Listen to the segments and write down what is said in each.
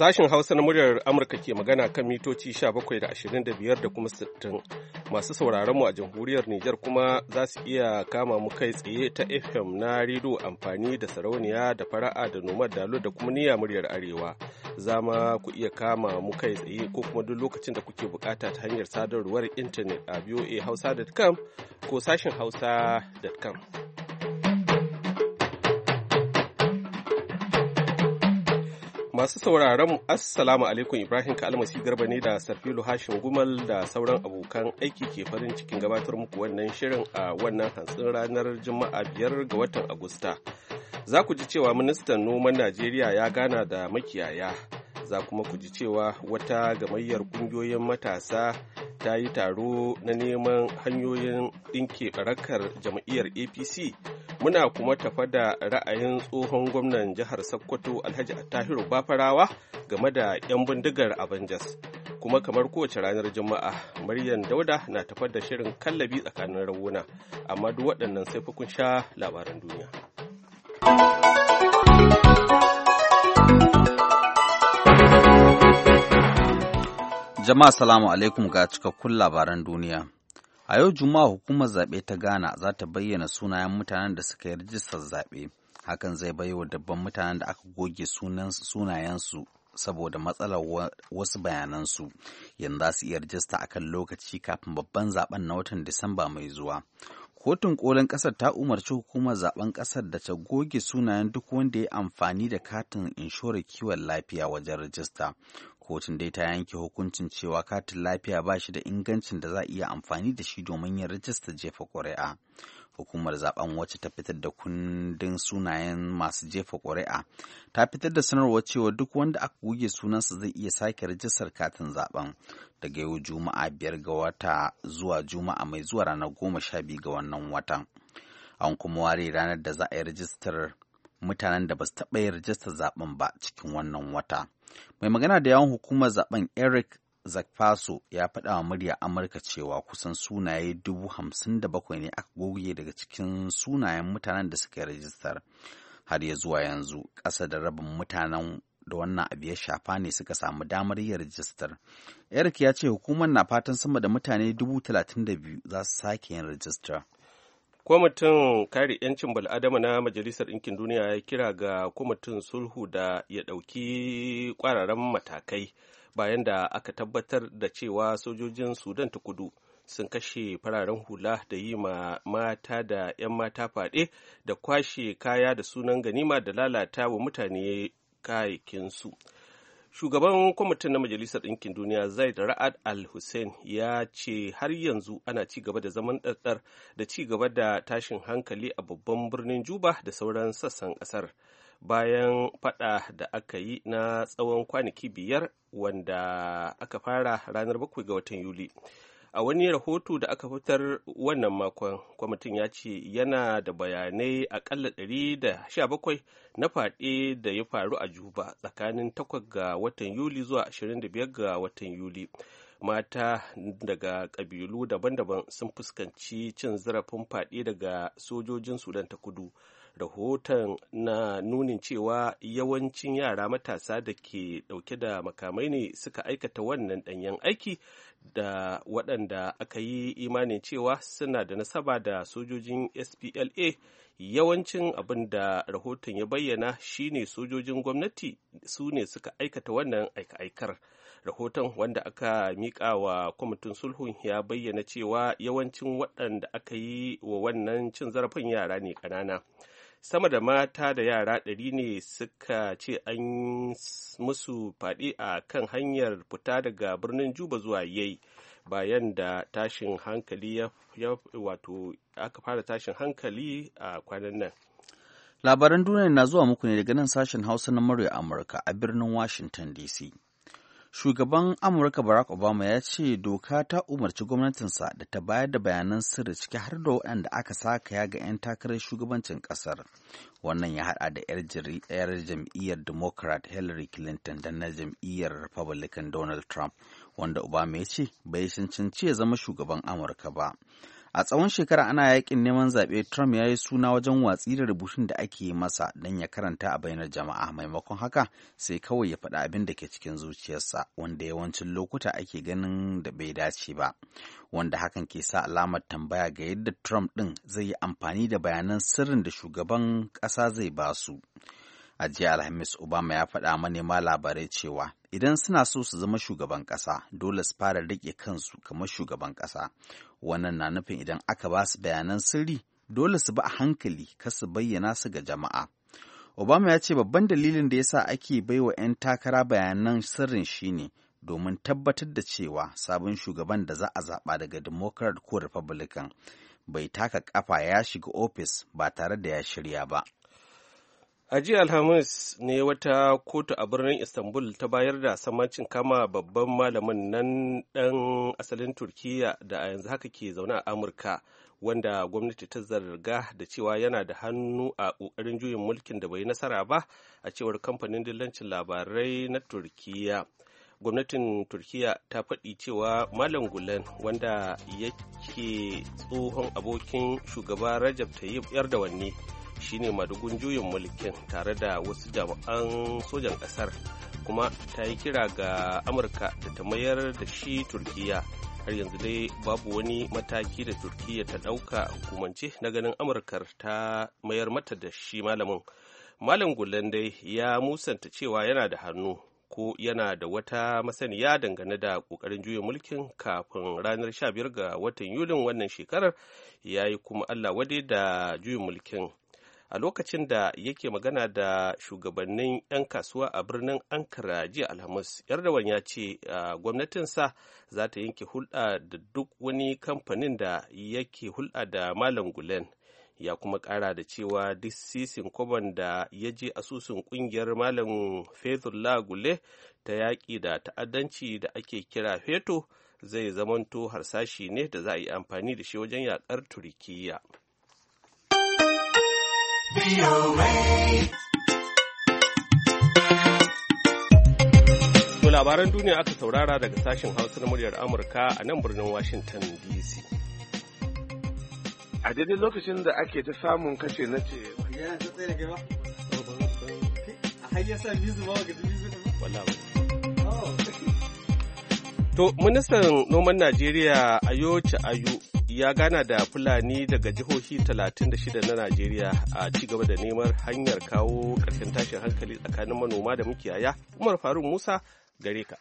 Sashen Hausa na muryar Amurka ke magana kan mitoci 17 da 25 da kuma 60 masu sauraron mu a jamhuriyar Nijar kuma za su iya kama mu kai tsaye ta FM na rido amfani da sarauniya da fara'a da nomad dalo da kuma niyya muryar Arewa. Za ma ku iya kama mu kai tsaye ko kuma duk lokacin da kuke bukata ta hanyar sadarwar intanet a voahausa.com ko sashen hausa.com. Masu sauraron Assalamu alaikum Ibrahim Kalmasi Garba ne da Sarfilu hashin Gumal da sauran abokan aiki ke farin cikin gabatar muku wannan shirin a wannan hantsin ranar Juma'a biyar ga watan Agusta. Za ku ji cewa ministan noman Najeriya ya gana da makiyaya. Za kuma ku ji cewa wata gamayyar ƙungiyoyin matasa ta yi taro na neman hanyoyin dinke barakar jam'iyyar APC muna kuma tafa da ra'ayin tsohon gwamnan jihar sokoto alhaji attahiru bafarawa game da 'yan bindigar Avengers. kuma kamar kowace ranar juma'a maryam dauda na tafa da shirin kallabi tsakanin rawuna amma duk waɗannan sai fa kun sha labaran duniya jama'a salamu alaikum ga cikakkun labaran duniya A yau Juma'a hukumar zaɓe ta Ghana za ta bayyana sunayen mutanen da suka yi rajistar zaɓe. Hakan zai baiwa dabban mutanen da aka goge sunayensu saboda matsalar wasu bayanansu yanzu za su iya rajista a kan lokaci kafin babban zaben na watan Disamba mai zuwa. Kotun kolin ƙasar ta umarci hukumar zaben ƙasar da ta goge sunayen duk wanda ya amfani da katin inshorar kiwon lafiya wajen rajista. kotun dai ta yanke hukuncin cewa katin lafiya ba shi da ingancin da za a iya amfani da shi domin yin rajista jefa ƙuri'a hukumar zaben wacce ta fitar da kundin sunayen masu jefa ƙuri'a ta fitar da sanarwar cewa duk wanda aka guge sunansa zai iya sake rajistar katin zaben daga yau juma'a biyar ga wata zuwa juma'a mai zuwa ranar goma sha biyu ga wannan watan an kuma ware ranar da za a yi rajistar mutanen da ba su taɓa yin rajistar zaben ba cikin wannan wata. Mai magana da yawan hukumar zaben Eric Zakfaso ya faɗa wa murya Amurka cewa kusan sunaye dubu hamsin da bakwai ne aka goge daga cikin sunayen mutanen da suka yi rajistar har ya zuwa yanzu ƙasa da rabin mutanen da wannan abu ya shafa ne suka samu damar yin rajistar. Eric ya ce hukumar na fatan sama da mutane dubu talatin da biyu za su sake yin rajistar. kwamitin kare 'yancin bal'adama na majalisar ɗinkin duniya ya kira ga kwamitin sulhu da ya ɗauki ƙwararren matakai bayan da aka tabbatar da cewa sojojin sudan ta kudu sun kashe fararen hula da yi ma mata da 'yan mata faɗe da kwashe kaya da sunan ganima da lalata wa mutane kayakinsu. shugaban kwamitin na majalisar ɗinkin duniya zaid ra'ad al hussein ya ce har yanzu ana ci gaba da zaman ɗaɗɗar da ci gaba da tashin hankali a babban birnin juba da sauran sassan ƙasar bayan fada da aka yi na tsawon kwanaki biyar wanda aka fara ranar bakwai ga watan yuli a wani rahoto da aka fitar wannan makon kwamitin ya ce yana da bayanai akalla 117 na fade da ya faru a juba tsakanin 8 ga watan yuli zuwa 25 ga watan yuli mata daga ƙabilu daban-daban sun fuskanci cin zarafin faɗi daga sojojin sudan ta kudu rahoton na nunin cewa yawancin yara matasa da ke ɗauke da makamai ne suka aikata wannan ɗanyen aiki da waɗanda aka yi imanin cewa suna da nasaba da sojojin spla yawancin abin da rahoton ya bayyana shine sojojin gwamnati su ne suka aikata wannan aika-aikar aika aikar rahoton wanda aka mika wa kwamitin sulhun ya bayyana cewa yawancin waɗanda aka yi wa wannan cin zarafin yara ne ƙanana sama da mata da yara ɗari ne suka ce an musu faɗi a kan hanyar fita daga birnin juba zuwa yayi bayan da tashin hankali ya wato aka fara tashin hankali a kwanan nan labaran duniya na zuwa muku ne daga nan sashen hausa na murya amurka a birnin washington dc Shugaban Amurka Barack Obama ya ce doka ta umarci gwamnatinsa da ta bayar da bayanan sirri ciki har da waɗanda aka sakaya ga 'yan takarar shugabancin ƙasar. Wannan ya haɗa da 'yar jam'iyyar Democrat Hillary Clinton da na jam'iyyar Republican Donald Trump, wanda Obama ya ce bai cancanci ya zama shugaban Amurka ba. A tsawon shekara ana yakin neman zaɓe Trump ya yi suna wajen watsi da rubutun da ake masa don ya karanta a bainar jama'a maimakon haka sai kawai ya faɗi abin da ke cikin zuciyarsa wanda yawancin lokuta ake ganin da bai dace ba. Wanda hakan ke sa alamar tambaya ga yadda Trump ɗin zai yi amfani da bayanan sirrin da shugaban ƙasa zai basu. su. a jiya alhamis obama ya faɗa manema labarai cewa idan suna so su zama shugaban ƙasa dole su fara riƙe kansu kamar shugaban ƙasa wannan na nufin idan aka ba su bayanan sirri dole su ba a hankali kar su bayyana su ga jama'a obama ya ce babban dalilin da yasa ake wa 'yan takara bayanan sirrin shine domin tabbatar da cewa sabon shugaban da za a zaɓa daga democrat ko republican bai taka ƙafa ya shiga ofis ba tare da ya shirya ba. a jiya alhamis ne wata kotu a birnin istanbul ta bayar da samancin kama babban malamin nan dan asalin Turkiyya da a yanzu haka ke zaune a amurka wanda gwamnati ta zarga da cewa yana da hannu a ƙoƙarin juyin mulkin da bai nasara ba a cewar kamfanin dillancin labarai na Turkiyya gwamnatin Turkiyya ta faɗi cewa malam gulen wanda yake tsohon abokin shugaba rajab tayyip erdogan ne shine madugun juyin mulkin tare da wasu jami'an sojan ƙasar kuma ta yi kira ga amurka da ta mayar da shi turkiya har yanzu dai babu wani mataki da turkiya ta ɗauka hukumance na ganin amurkar ta mayar mata da shi malamin malam gulen dai ya musanta cewa yana da hannu ko yana da wata masaniya dangane da kokarin juyin mulkin kafin ranar 15 ga watan yulin wannan shekarar ya yi kuma allah wade da juyin mulkin a lokacin da yake magana da shugabannin 'yan kasuwa a birnin ankara jiya alhamis 'yar yardawan ya ce gwamnatinsa za ta yanke hulɗa da duk wani kamfanin da yake hulɗa da malam gulen ya kuma ƙara da cewa duk sisin kwaban da ya je asusun ƙungiyar malam fethullah gule ta yaƙi da ta'addanci da ake kira feto zai zamanto harsashi ne da za a yi amfani da shi wajen yaƙar turkiyya To labaran duniya aka saurara daga sashen Hausa na muryar Amurka a nan birnin Washington DC. A daidai lokacin da ake ta samun kashe na ce. Oh. To ministan noman Najeriya Ayo Ayu ya gana da fulani daga jihohi 36 na najeriya a ci gaba da neman hanyar kawo ƙarshen tashin hankali tsakanin manoma da makiyaya umar faruk musa gare ka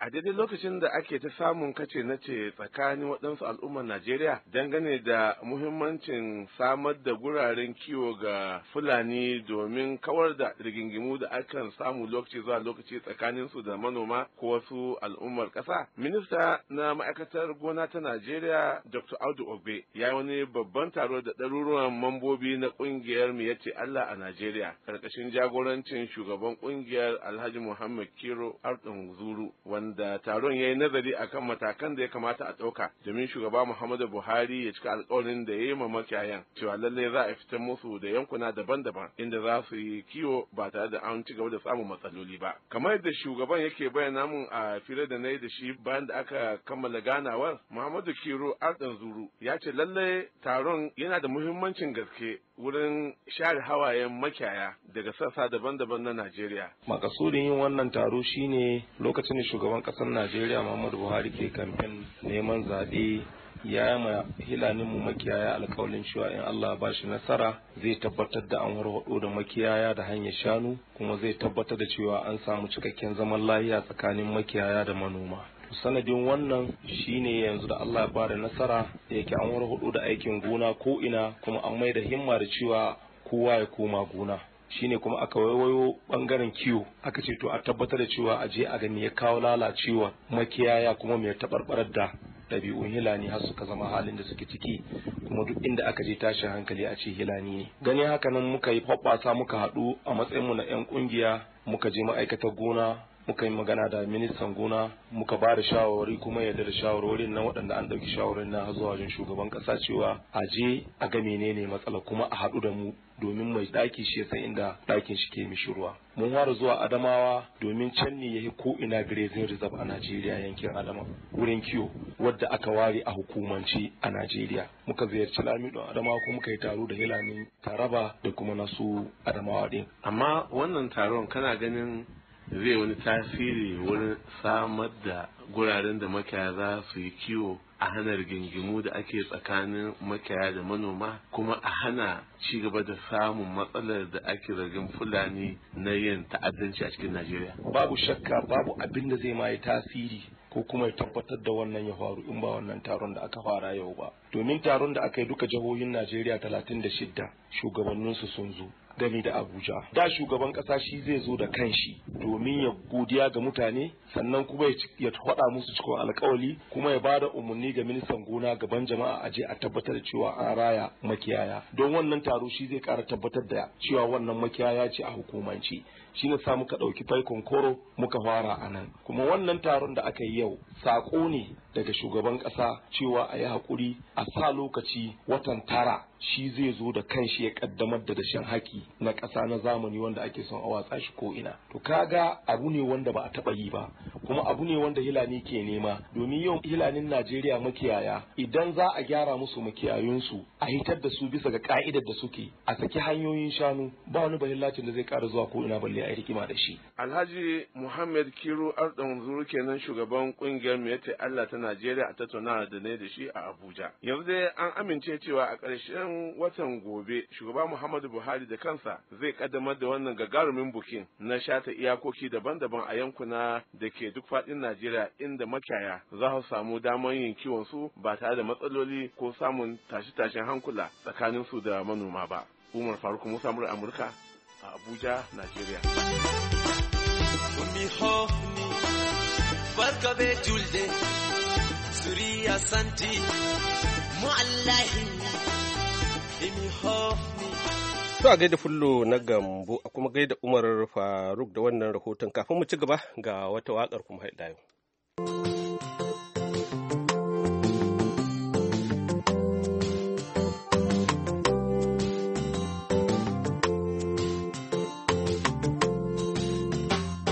a daidai lokacin da ake ta samun kace na ce tsakanin waɗansu al'ummar najeriya dangane da muhimmancin samar da guraren kiwo ga fulani domin kawar da rigingimu da akan samu lokaci zuwa lokaci tsakaninsu da manoma ko wasu al'ummar ƙasa minista na ma'aikatar gona ta najeriya dr audu obe ya yi wani babban taro da ɗaruruwan mambobi na ƙungiyar mu yace allah a najeriya ƙarƙashin jagorancin shugaban ƙungiyar alhaji muhammad kiro ardun zuru da taron ya yi nazari akan matakan da ya kamata a ɗauka domin shugaba Muhammadu Buhari ya cika alƙawarin da ya yi ma makiyayan cewa lallai za a fitar musu da yankuna daban-daban inda za su yi kiwo ba tare da an ci gaba da samun matsaloli ba. Kamar yadda shugaban yake bayyana mun a fira da na yi da shi bayan da aka kammala ganawar Muhammadu Kiro Ardan Zuru ya ce lallai taron yana da muhimmancin gaske wurin share hawayen makiyaya daga sassa daban-daban na Najeriya. Makasudin yin wannan taro shine lokacin da shugaban ƙasar Najeriya Muhammadu Buhari ke kamfen neman zaɓe ya yi ma hilanin mu makiyaya alkawalin cewa in Allah ba shi nasara zai tabbatar da an warwado da makiyaya da hanyar shanu kuma zai tabbatar da cewa an samu cikakken zaman lafiya tsakanin makiyaya da manoma. sanadin wannan shine yanzu da Allah ya bada nasara da yake an hudu da aikin gona ko ina kuma an mai da himma da cewa kowa ya koma gona shine kuma aka waiwayo bangaren kiwo aka ce to a tabbatar da cewa a je a gani ya kawo lalacewa makiyaya kuma mai tabarbarar da ɗabi'un hilani har suka zama halin da suke ciki kuma duk inda aka je tashin hankali a ce hilani ne gani haka nan muka yi hoɓɓasa muka haɗu a matsayinmu na 'yan ƙungiya muka je ma'aikatar gona muka yi magana da ministan gona muka ba da shawarwari kuma yadda da shawarwarin na waɗanda an ɗauki shawarwarin na zuwa wajen shugaban ƙasa cewa a je a ga menene matsala kuma a haɗu da mu domin mai ɗaki shi ya san inda ɗakin shi ke mishi mun fara zuwa adamawa domin can ne ya ko ina grazing reserve a najeriya yankin adama wurin kiwo wadda aka ware a hukumanci a najeriya muka ziyarci don adamawa kuma muka yi taro da hilamin taraba da kuma nasu adamawa din amma wannan taron kana ganin zai wani tasiri wurin samar da guraren da makaya za su yi kiwo a hana rigingimu da ake tsakanin makaya da manoma kuma a hana ci gaba da samun matsalar da ake zargin fulani na yin ta'addanci a cikin najeriya babu shakka babu abin da zai ma tasiri ko kuma ya tabbatar da wannan ya faru in ba wannan taron da aka fara yau ba domin taron da aka yi duka jihohin najeriya talatin da 36 shugabanninsu sun zo gani da Abuja. Da shugaban kasa shi zai zo da kanshi domin ya godiya ga mutane sannan kuma ya faɗa musu cikin alkawali kuma ya bada umarni ga ministan gona gaban jama'a a je a tabbatar da cewa an raya makiyaya. Don wannan taro shi zai ƙara tabbatar da cewa wannan makiyaya ce a hukumance. shi ne sa muka ɗauki faikon koro muka fara a nan kuma wannan taron da aka yi yau saƙo ne daga shugaban ƙasa cewa a yi haƙuri a sa lokaci watan tara shi zai zo da kanshi ya ƙaddamar da dashen haƙi na ƙasa na zamani wanda ake son a watsa shi ko ina to kaga abu ne wanda ba a taɓa yi ba kuma abu ne wanda hilani ke nema domin yau hilanin Najeriya makiyaya idan za a gyara musu makiyayunsu a hitar da su bisa ga ka'idar da suke a saki hanyoyin shanu ba wani bahillacin da zai kara zuwa ko ina balle a rikima da shi Alhaji Muhammad Kiru Ardan Zuru kenan shugaban kungiyar ta Allah ta Najeriya a tattauna da ne da shi a Abuja yanzu dai an amince cewa a ƙarshen watan gobe shugaba Muhammadu Buhari da kansa zai kaddamar da wannan gagarumin bukin na shata iyakoki daban-daban a yankuna da ke duk faɗin Najeriya inda makiyaya za su samu damar yin kiwon su ba tare da matsaloli ko samun tashi-tashin hankula tsakanin su da manoma ba. Umar Faruk Musa Amurka a Abuja, Najeriya. barka imi hofni To a gaida fullo na gambo a kuma gaida Umar Faruk da wannan rahoton kafin mu ci gaba ga wata waƙar kuma haɗa yau.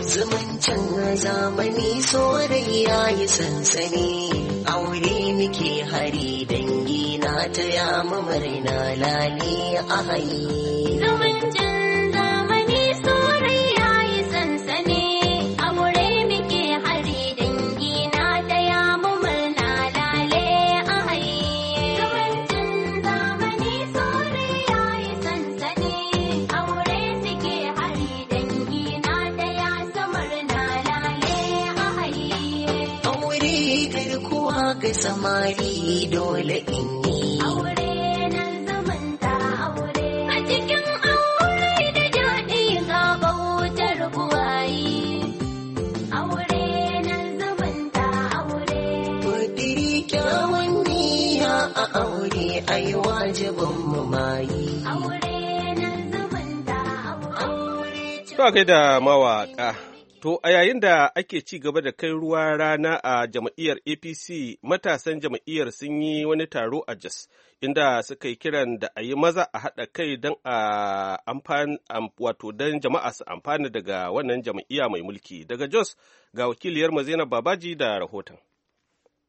Zumuncin zamani so ya yi sansani. aure muke hari dangi na taya yamma murna lali a hayi. Zaman ai wajibin mu mayi to a da mawaƙa, to a yayin da ake ci gaba da kai ruwa rana a jam'iyyar apc matasan jam'iyyar sun yi wani taro a jos inda suka yi kiran da a yi maza a haɗa kai don a wato don jama'a su amfana daga wannan jam'iyya mai mulki daga jos ga wakiliyar mazina babaji da rahoton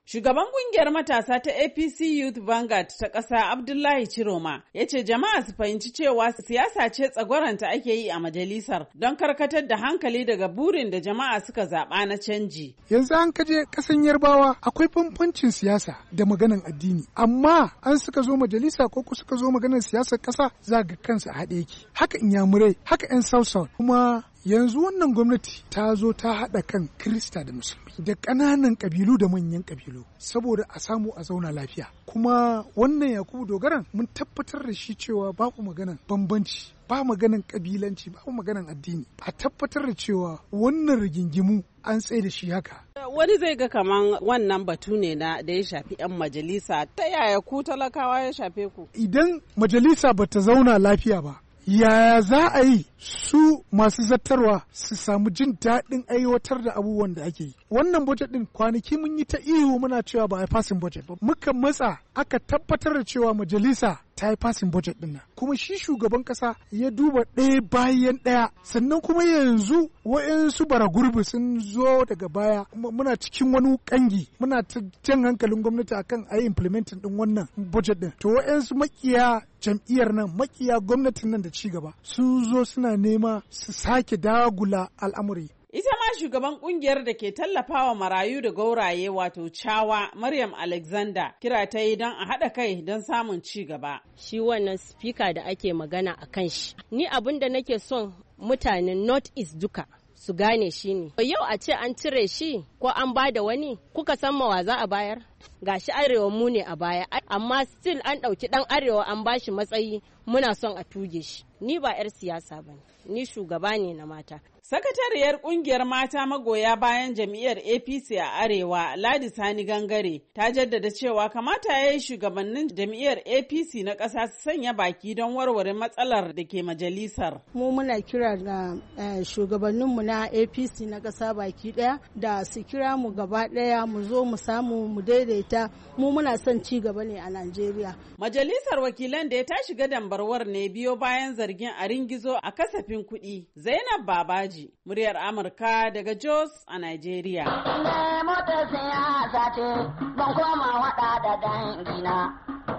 Shugaban kungiyar matasa ta APC Youth Vanguard ta ƙasa Abdullahi Chiroma, ya ce jama'a su fahimci cewa siyasa ce tsagwaranta ake yi a majalisar don karkatar da hankali daga burin da jama'a suka zaɓa na canji. Yanzu an kaje ƙasan Yarbawa akwai bambancin siyasa da maganan addini amma an suka zo majalisa ko ku suka zo maganar siyasar ƙasa za ga kansa haɗe yake, Haka inyamurai haka 'yan South kuma yanzu wannan gwamnati ta zo ta haɗa kan krista da musulmi da ƙananan ƙabilu da manyan ƙabilu saboda a samu a zauna lafiya kuma wannan yakubu dogaran mun tabbatar da shi cewa ba ku maganan bambanci ba maganan ƙabilanci ba maganan addini a tabbatar da cewa wannan rigingimu an tsaye da shi haka wani zai ga kaman wannan batu ne na da ya shafi 'yan majalisa ta yaya ku talakawa ya shafe ku idan majalisa bata zauna lafiya ba yaya za a yi su masu zattarwa su samu jin daɗin aiwatar da abubuwan da ake yi wannan budget din kwanaki mun yi ta ihu muna cewa ba a fasin budget ba muka matsa aka tabbatar da cewa majalisa ta yi fasin budget ɗin kuma shi shugaban ƙasa ya duba ɗaya bayan ɗaya sannan kuma yanzu wa'insu bara gurbi sun zo daga baya muna cikin wani kangi muna ta jan hankalin gwamnati akan a yi implementing ɗin wannan budget ɗin to wa'insu makiya jam'iyyar nan makiya gwamnatin nan da ci gaba sun zo suna nema su sake dagula al'amuri Ita ma shugaban kungiyar da ke tallafawa marayu da gauraye wato Chawa Maryam Alexander kira ta yi don a haɗa kai don samun ci gaba. Shi wannan spika da ake magana a kan shi. Ni abin da nake son mutanen North East duka su gane shi ne. Yau a ce an cire shi ko an ba da wani kuka san mawa za a bayar? gashi arewa mu ne a baya amma still an ɗauki ɗan arewa an bashi matsayi muna son a tuge shi ni ba 'yar siyasa ba ni shugaba ne na mata Sakatariyar kungiyar mata magoya bayan jam'iyyar APC a Arewa, Ladi Sani Gangare, ta jaddada cewa kamata ya yi shugabannin jam'iyyar APC na ƙasa su sanya baki don warware matsalar da ke majalisar. Mu muna kira ga eh, shugabanninmu na APC na kasa baki ɗaya da su kira mu gaba ɗaya mu zo mu samu mu daidai daidaita mu muna son ci gaba ne a Najeriya. Majalisar wakilan da ya ta shiga dambarwar ne biyo bayan zargin a ringizo a kasafin kuɗi. Zainab Babaji, muryar Amurka daga Jos a Najeriya. Ne motar siyasa ce, ban koma waɗa da dangina.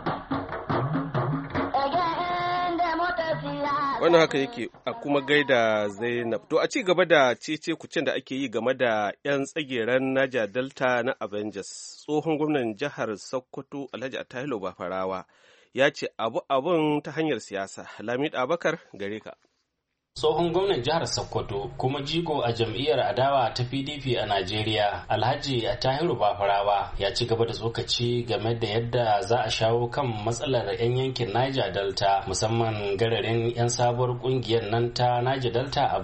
wannan haka yake a kuma gaida zainab to a ci gaba da cece kucin da ake yi game da 'yan tsageren naja delta na avengers tsohon gwamnan jihar sokoto alhaji atahilo bafarawa ya ce abu abun ta hanyar siyasa lamid abakar gare ka tsohon gwamnan jihar sokoto kuma jigo a jam'iyyar adawa ta pdp a najeriya alhaji tahiru bafarawa ya ci gaba da tsokaci game da yadda za a shawo kan matsalar 'yan yankin niger delta musamman gararin 'yan sabuwar kungiyar nan ta niger delta a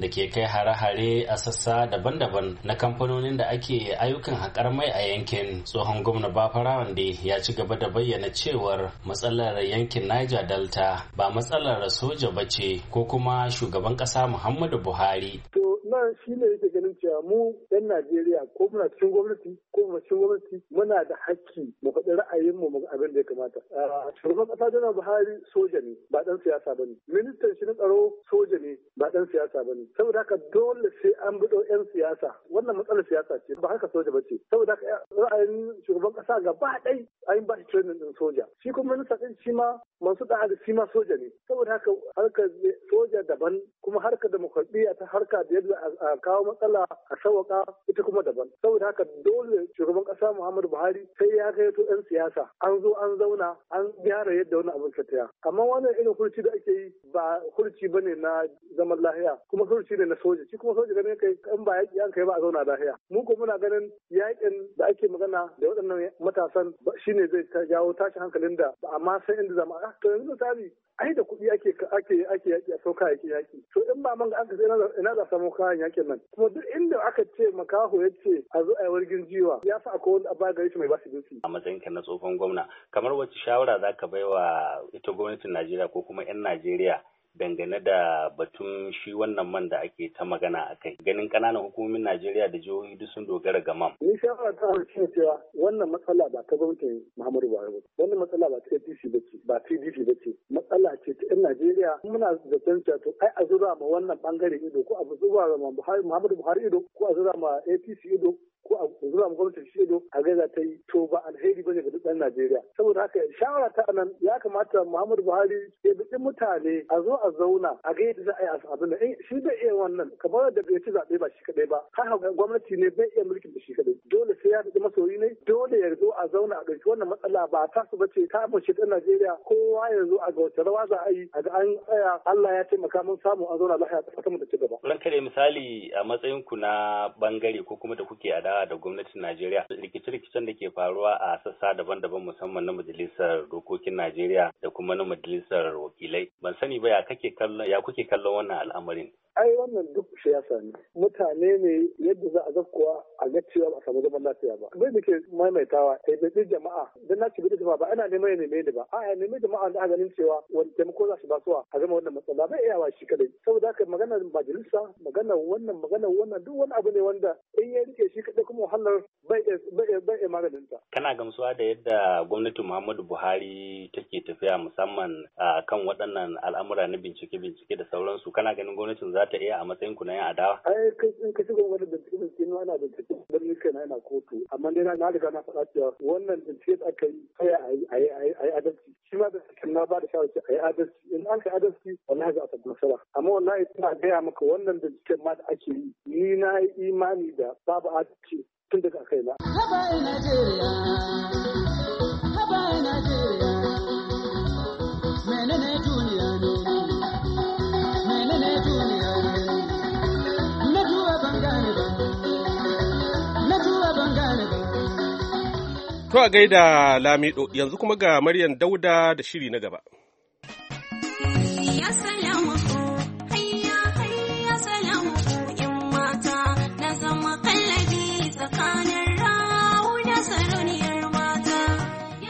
da ke kai hare-hare a sassa daban-daban na kamfanonin da ake ayyukan haƙar mai a yankin tsohon gwamna bafarawa ne ya ci gaba da bayyana cewar matsalar yankin niger delta ba matsalar soja ba ce ko kuma shugaban ƙasa Muhammadu Buhari. To nan shi ne yake ganin cewa mu 'yan Najeriya ko muna cikin gwamnati ko muna cikin gwamnati muna da hakki mu faɗi ra'ayin mu abin da ya kamata. Shugaban ƙasa Janar Buhari soja ne ba ɗan siyasa ba ne. Ministan shi na tsaro soja ne ba ɗan siyasa ba ne. Saboda haka dole sai an biɗo 'yan siyasa. Wannan matsalar siyasa ce ba haka soja ba ce. Saboda haka ra'ayin shugaban ƙasa gaba ɗai an ba shi training ɗin soja. Shi kuma ministan ɗin shi ma masu Da'ali shi ma soja ne. Saboda haka harkar soja या kuma harkar demokradiyya ta harka da yadda a kawo matsala a sawaka ita kuma daban saboda haka dole shugaban kasa muhammadu buhari sai ya kai to yan siyasa an zo an zauna an gyara yadda wani abin ka taya amma wannan irin kurci da ake yi ba kurci ne na zaman lahiya kuma kurci ne na soja shi kuma soja ganin kai in ba yaƙi an kai ba a zauna lahiya mu ko muna ganin yaƙin da ake magana da waɗannan matasan shine zai jawo tashin hankalin da ba amma sai inda zama a yanzu misali ai da kuɗi ake ake ake a sauka yaƙi yaki to in ba man ga aka sai ina za samu kayan yakin nan kuma duk inda aka ce makaho ya ce a zo a yi wargin jiwa ya fi akwai wanda ba gari shi mai basu jinsi a matsayin ka na tsohon gwamna kamar wacce shawara za ka bai wa ita gwamnatin Najeriya ko kuma 'yan Najeriya dangane da batun shi wannan man da ake ta magana a kai ganin ƙananan hukumomin najeriya da jihohi duk sun dogara ga man. ni sha ta shi cewa wannan matsala ba ta gwamnatin muhammadu buhari ba wannan matsala ba ta apc ba ce ba pdp ba ce matsala ce ta yan najeriya muna da cewa to ai a zuba ma wannan bangare ido ko a zuba ma muhammadu buhari ido ko a zuba ma apc ido ko a zuwa gwamnati shi ido a gaza ta yi to ba alheri bane ga duk ɗan Najeriya saboda haka shawara ta nan ya kamata Muhammadu Buhari ya bi mutane a zo a zauna a ga yadda za a yi abin eh shi bai iya wannan kamar da bai ci zaɓe ba shi kaɗai ba har gwamnati ne bai iya mulkin da shi kaɗai dole sai ya tafi masoyi ne dole ya zo a zauna a ɗauki wannan matsala ba ta su bace ta bace dan Najeriya kowa ya zo a ga wata rawa za a yi a ga an tsaya Allah ya taimaka mun samu a zauna lafiya ta mu da ci gaba. kare misali a matsayin ku na bangare ko kuma da kuke a da gwamnatin Najeriya rikice-rikicen da ke faruwa a sassa daban-daban musamman na majalisar dokokin Najeriya da kuma na majalisar wakilai ban sani ba ya kake kallon ya kuke kallon wannan al'amarin ai wannan duk siyasa ne mutane ne yadda za a zakkuwa a ga cewa ba a samu zaman lafiya ba bai da ke maimaitawa yi jama'a don na bi da jama'a ba ana neman ya neme ni ba a'a neme jama'a da ganin cewa wani taimako za su ba wa a zama wannan matsala bai iyawa shi kadai saboda haka magana majalisa magana wannan magana wannan duk wani abu ne wanda in ya rike shi kadai kuma wahalar bai iya maganin ta kana gamsuwa da yadda gwamnatin Muhammadu Buhari take tafiya musamman kan waɗannan al'amura na bincike bincike da sauransu kana ganin gwamnatin za ta iya a matsayin ku na yan adawa? Ai in ka shiga wani bincike bincike na ana bincike don ni kai na ina kotu amma dai na riga na faɗa cewa wannan bincike da aka yi kai a yi adalci shi ma da kan na ba da shawarar a yi adalci in an ka adalci wallahi za a samu nasara amma wallahi ina gaya maka wannan bincike ma da ake yi ni na yi imani da babu adalci tun daga kai na. Haba Najeriya, haba Najeriya, menene duniya ne? To a gaida Lamido yanzu kuma ga Maryam Dauda da shiri na gaba.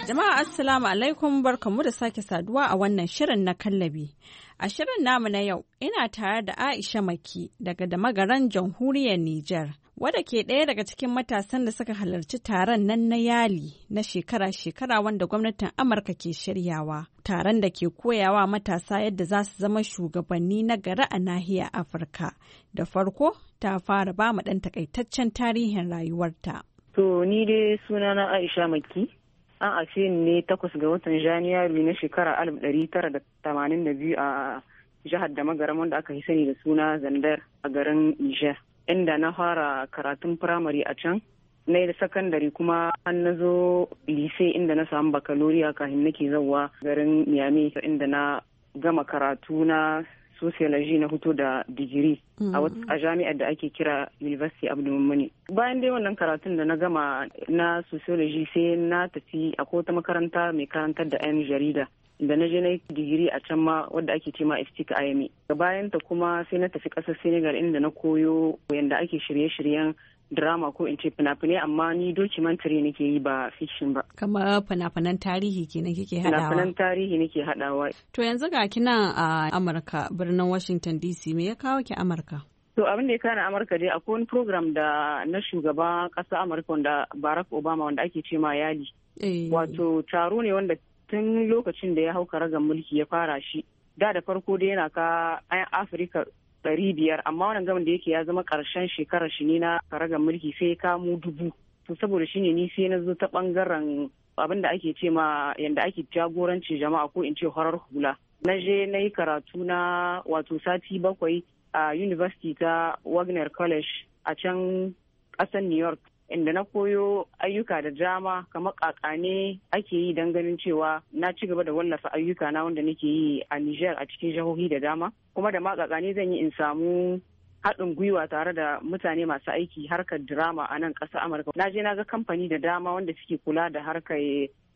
Jama'a Assalamu alaikum barkamu da sake saduwa a wannan shirin na kallabi. A shirin namu na yau ina tare da Aisha Maki daga da magaran jamhuriyar Nijar. wadda ke ɗaya daga cikin matasan da suka halarci taron nan na yali na shekara-shekara wanda gwamnatin amurka ke shiryawa taron da ke koyawa matasa yadda za su zama shugabanni na gari a nahiyar afirka da farko ta fara ba mu ɗan takaitaccen tarihin rayuwarta to ni dai sunana aisha maki an ashe ne takwas ga watan janairu na shekara alif ɗari tara da tamanin da biyu a jihar da magaram wanda aka yi sani da suna zandar a garin nijar inda na fara karatun firamare a can na yi sakandare kuma an na zo lise inda na samu bakaloriya kafin nake zauwa garin miami inda na gama karatu na sociology na hutu da digiri mm. a jami'ar da ake kira university abdu mummuni bayan dai wannan karatun da na gama na sociology sai na tafi a wata makaranta mai karantar da 'yan jarida da na je na yi digiri a can ma wadda ake ce ma iftik ayami e. bayan ta kuma sai na tafi ƙasar senegal inda na koyo yadda ake shirye-shiryen drama ko in ce fina-finai amma ni documentary nake yi ba fiction ba. Kama fina-finan tarihi kenan kike haɗawa? Fina-finan tarihi nake haɗawa. To yanzu ga kina a Amurka birnin Washington DC me ya kawo ki Amurka? To abin da ya kana Amurka dai akwai wani program da na shugaba ƙasa Amurka wanda Barack Obama wanda ake ce ma yadi eh. Wato taro ne wanda tun lokacin da ya hau karagar mulki ya fara shi da da farko da yana ka ayan afirka ɗari biyar amma wannan gama da yake ya zama karshen shekarar shi ne na karagar mulki sai kamo dubu to saboda shine ni sai na zo ta ɓangaren abin da ake ce ma yanda ake jagorancin jama'a ko in ce horar hula na je na yi karatu na wato sati bakwai a university ta wagner college a can ƙasar new york inda na koyo ayyuka da dama kamar kakane ake yi don ganin cewa na ci gaba da wallafa ayyuka na wanda nake yi a niger a cikin jahohi da dama kuma da ma zan yi in samu haɗin gwiwa tare da mutane masu aiki harkar drama a nan ƙasa Amurka. Na je na ga kamfani da dama wanda suke kula da harkar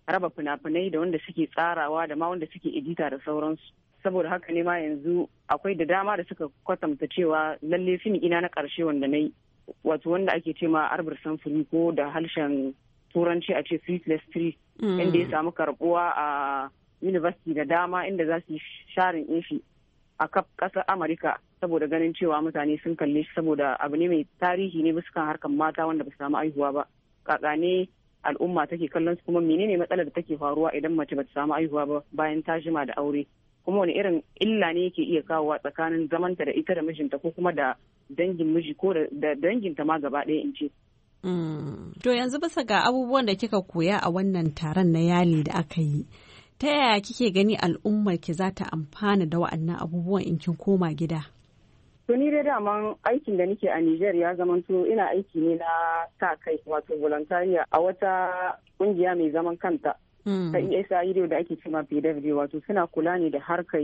raba fina-finai da wanda suke tsarawa da ma wanda suke edita da sauransu. saboda haka ne ma yanzu akwai da dama da suka kwatanta cewa lalle fim ina na karshe wanda na yi wato wanda ake ce ma arbar samfuri ko da harshen turanci a ce sleepless tree mm. inda ya samu karbuwa a university da dama inda za su yi sharin inshi a kaf kasar amurka saboda ganin cewa mutane sun kalli shi saboda abu ne mai tarihi ne bisa kan harkar mata wanda ba su samu aihuwa ba ne al'umma take kallon su kuma menene matsalar da take faruwa idan mace ba ta samu aihuwa ba bayan ta jima da aure kuma wani irin illa ne yake iya kawowa tsakanin zamanta da ita da mijinta ko kuma da dangin miji ko da dangin ta ma gaba ɗaya in ce. Mm. To yanzu bisa ga abubuwan da kika koya a wannan taron na yali da aka yi. Ta yaya kike gani al'ummar ki za ta amfana da wa'annan abubuwan in kin koma gida? To ni dai dama aikin da nake a Nijar ya zamanto ina aiki ne na sa kai wato volontariya a wata kungiya mai zaman kanta. Mm. Ta ESA ido da ake cema PWD wato suna kula ne da harkar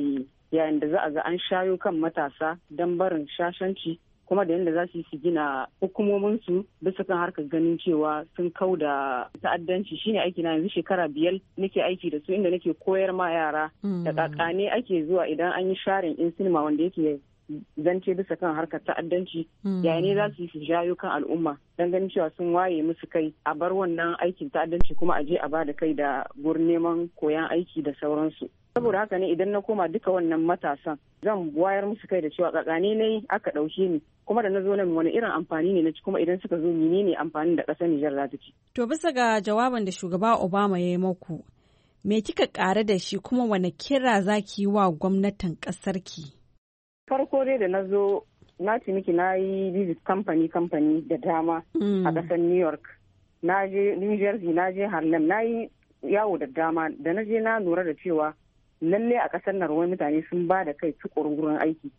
yayin da za a ga an shayo kan matasa don barin shashanci kuma da yadda za su yi su gina hukumominsu bisa kan harkar ganin cewa sun kau da ta'addanci shine aiki na yanzu shekara biyar nake aiki da su inda nake koyar ma yara da kakane mm. ake zuwa idan an yi sharin in sinima wanda yake zance bisa kan harkar ta'addanci hmm. yayin ne za su yi su jayo kan al'umma don ganin cewa sun waye musu kai a bar wannan aikin ta'addanci kuma a je a ba da kai da gurin neman koyan aiki da sauransu saboda haka ne idan na koma duka wannan matasan zan wayar musu kai da cewa tsakani ne aka ɗauke ni kuma da na zo nan wani irin amfani ne na ci kuma idan suka zo ne amfanin da ƙasar Nijar za ta ci. To bisa ga jawabin da shugaba Obama ya yi maku me kika ƙara da shi kuma wani kira zaki yi wa gwamnatin ki. farko dai da na zo na ciniki miki na yi visit kamfani kamfani da dama mm. a ƙasar new york na je new jersey na je harlem na yi yawo da dama da na je na lura da cewa lalle a ƙasar narwai mutane sun ba da kai tukurin wurin aiki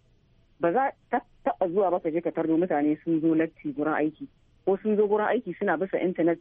ba za ta taba zuwa ba ka je ka tardo mutane sun zo latti gurin aiki ko sun zo gurin aiki suna bisa intanet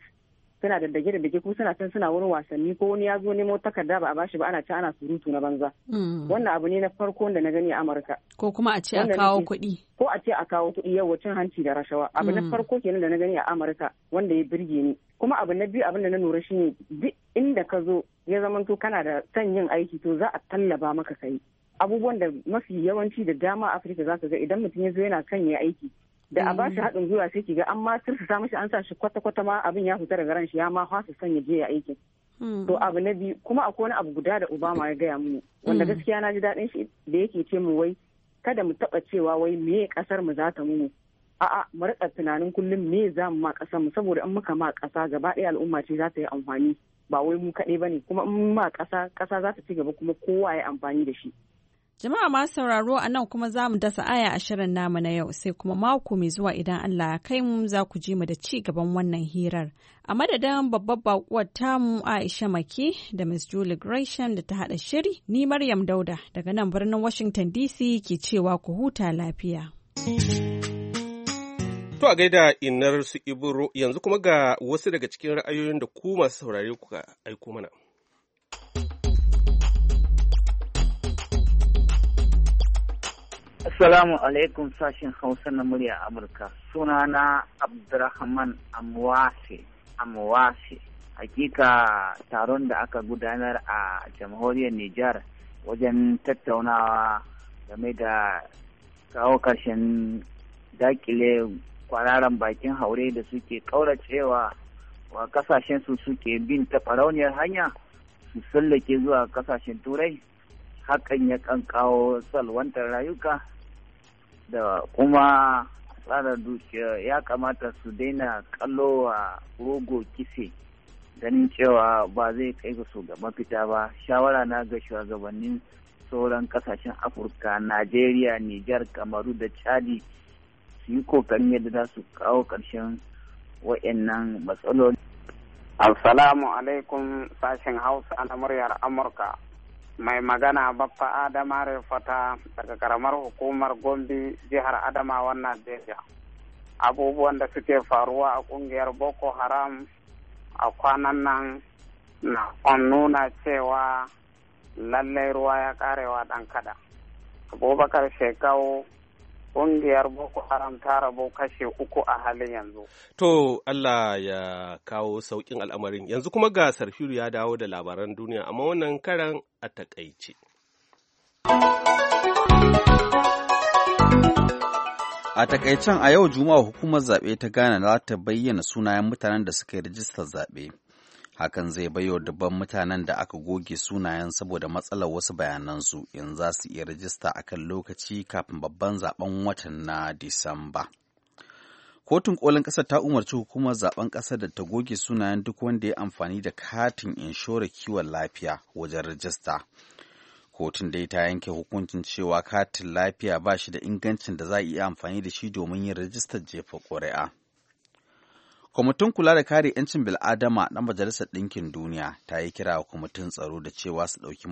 suna da dage da dage kuma suna can suna wurin wasanni ko wani ya zo nemo takarda ba a bashi ba ana ci ana surutu na banza hmm. wannan abu ne na farko da na gani a amurka ko kuma a ce a kawo kuɗi ko a ce a kawo kuɗi yau hanci da rashawa abu na hmm. farko kenan da na gani a amurka wanda ya birge ni kuma abu na biyu abin da na lura shine duk inda ka zo ya to kana da son yin aiki to za a tallaba maka kai abubuwan da mafi yawanci da dama afirka za ka ga idan mutum ya zo yana son ya aiki da a bashi mm. haɗin gwiwa sai ki ga an ma tursasa mishi an sa shi kwata-kwata ma abin ya fita daga ran shi ya ma fasa sanya je ya aiki. Mm. To abu na biyu kuma akwai wani abu guda da Obama ya gaya mini wanda mm. gaskiya na ji daɗin shi da yake ce mu wai kada mu taɓa cewa wai me ƙasar mu za ta mu a'a mu rika tunanin kullum me za mu ma ƙasar mu saboda in muka ma ƙasa gaba ɗaya al'umma ce za ta yi amfani ba wai mu kaɗai ba ne kuma in ma ƙasa ƙasa za ta ci gaba kuma kowa ya amfani da shi Jama'a masu sauraro a nan kuma za mu dasa aya a shirin namu na yau sai kuma mako mai zuwa idan Allah ya kai mu za ku ji mu da ci gaban wannan hirar. A madadin babbar bakuwar tamu Aisha Maki da Miss Julie Gresham da ta haɗa shiri ni Maryam Dauda daga nan birnin Washington DC ke cewa ku huta lafiya. To a gaida inar su Ibro yanzu kuma ga wasu daga cikin ra'ayoyin da ku masu saurare kuka aiko mana. Assalamu alaikum sashen Hausa na murya Amurka. Sunana Abdurrahman Amwase. Amwase. Hakika taron da aka gudanar a jamhuriyar Nijar wajen tattaunawa game da kawo ƙarshen dakile kwararan bakin haure da suke ƙauracewa wa su suke bin ta hanya su sallake zuwa kasashen turai hakan ya kan kawo salwantar rayuka da kuma tsara dukiya ya kamata su daina kallo a rogo kise ganin cewa ba zai kai ga su ga mafita ba shawara na ga shugabannin sauran kasashen afirka najeriya nijar kamaru da chadi su yi kokarin yadda za su kawo ƙarshen wa'annan matsaloli assalamu alaikum sashen hausa na muryar amurka mai magana bappa adama fata daga karamar hukumar gombe jihar adama adamawan najeriya abubuwan da suke faruwa a kungiyar boko haram a kwanan nan na nuna cewa lallai ruwa ya karewa dan kada abubakar shekau ƙungiyar Boko Haram ta rabu kashe uku a halin yanzu. To Allah ya kawo sauƙin al'amarin yanzu kuma ga Sarfiru ya dawo da labaran duniya amma wannan karan a takaice. A takaicen a yau Juma'a hukumar zaɓe ta Ghana za ta bayyana sunayen mutanen da suka yi rijistar zaɓe. hakan zai baiwa dubban mutanen da aka goge sunayen saboda matsalar wasu bayanansu in za su iya rajista a kan lokaci kafin babban zaben watan na disamba kotun kolin ƙasar ta umarci hukumar zaben ƙasa da ta goge sunayen duk wanda ya amfani da katin inshorar kiwon lafiya wajen rajista kotun dai ta yanke hukuncin cewa katin lafiya ba shi da ingancin da za a iya amfani da shi domin yin rajistar jefa ƙuri'a. Kwamitin kula da kare 'yancin bil'adama na Majalisar Ɗinkin Duniya ta yi kira wa kwamitin tsaro da cewa su ɗauki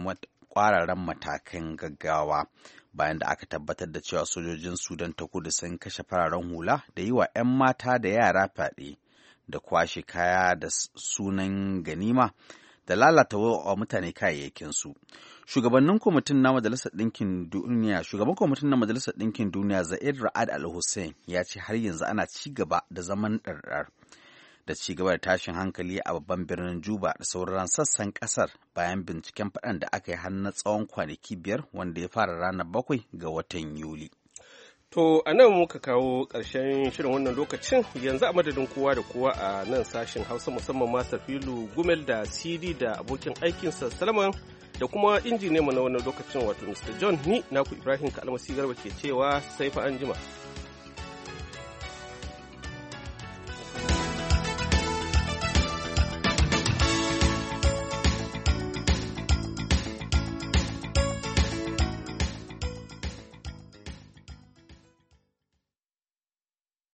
kwararren matakan gaggawa bayan da aka tabbatar da cewa sojojin Sudan ta kudu sun kashe fararen hula da yi wa 'yan mata da yara fyaɗe da kwashe kaya da sunan ganima da lalata wa mutane kayayyakinsu. Shugabannin kwamitin na Majalisar Ɗinkin Duniya, shugaban kwamitin na Majalisar Ɗinkin Duniya Za'id Ra'ad Al-Hussein ya ce har yanzu ana ci gaba da zaman ɗarɗar. da ci gaba da tashin hankali a babban birnin Juba da sauran sassan kasar bayan binciken faɗan da aka yi har na tsawon kwanaki biyar wanda ya fara ranar bakwai ga watan Yuli. To, a nan muka kawo ƙarshen shirin wannan lokacin yanzu a madadin kowa da kowa a nan sashen Hausa musamman Masa Filu Gumel da CD da abokin aikin salaman da kuma injiniyanmu na wannan lokacin wato Mr. John ni naku Ibrahim Kalmasi Garba ke cewa sai fa an jima.